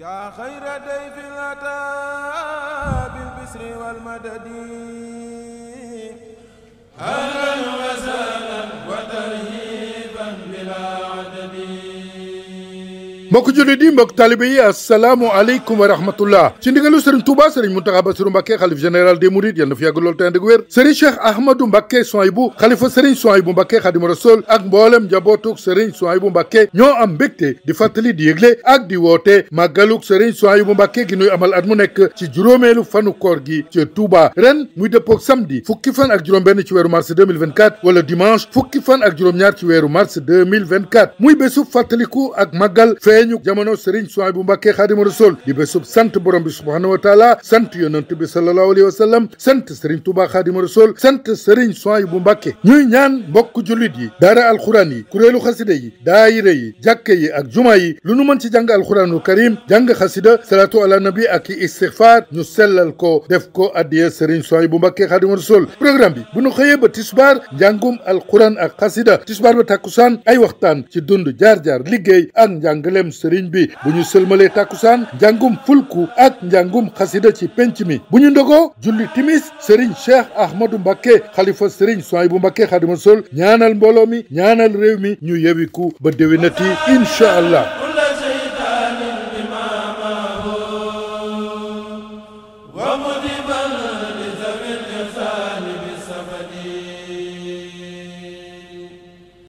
yaa xayra dayfin ataa bil bisri wal madadi mbokk jullit yi mbokk taalibé yi asalaamualeykum wa rahmatullah ci ndigalu sëriñ Touba sëriñ Mountakha Bassirou Mbacké xalif général des mourides yal na fi yàgg lool te ànd ak wér sëriñ Cheikh Ahmadou Mbacké Souhaïbou Rasul ak mboolem njabootuk sëriñ Souhaïbou Mbacké ñoo am mbégte di fàttali di yëgle ak di woote màggaluk sëriñ Souhaïbou Mbacké gi nuy amal at mu nekk ci juróomeelu fanu koor gi ci Touba ren muy dëppook samedi fukki fan ak juróom benn ci weeru mars 2024 wala dimanche fukki fan ak juróom ñaar ci weeru mars 2024 muy bésu fàttaliku ak màggal feeñ nañu jamono Serigne Souhaïbou Mbacké Khadimou Rassoul di bésub sant borom bi subhaanahu wa taala sant yonent bi sallallahu alayhi wa sallam sant Serigne Touba Khadimou Rassoul sant Serigne Souhaïbou Mbacké ñuy ñaan mbokk jullit yi daara alxuraan yi kuréelu xasida yi daayira yi jàkke ak juma yi lu nu mën ci jàng a karim jàng xasida salaatu ala nabi ak istixfaar ñu sellal ko def ko addiya Serigne Souhaïbou Mbacké Khadimou Rassoul programme bi bu nu xëyee ba tisbaar njàngum alxuraan ak xasida tisbaar ba tàkkusaan ay waxtaan ci dund jaar-jaar liggéey ak njàngaleem sëriñ bi bu ñu sëlmalee tàkkusaan njàngum fulku ak njàngum xasida ci penc mi bu ñu ndogoo julli timis sëriñ cheikh ahmadou mbàkke xalifa sëriñ Souhaïbou mbàkke xaadima sol ñaanal mbooloo mi ñaanal réew mi ñu yewiku ba déwénati incha allah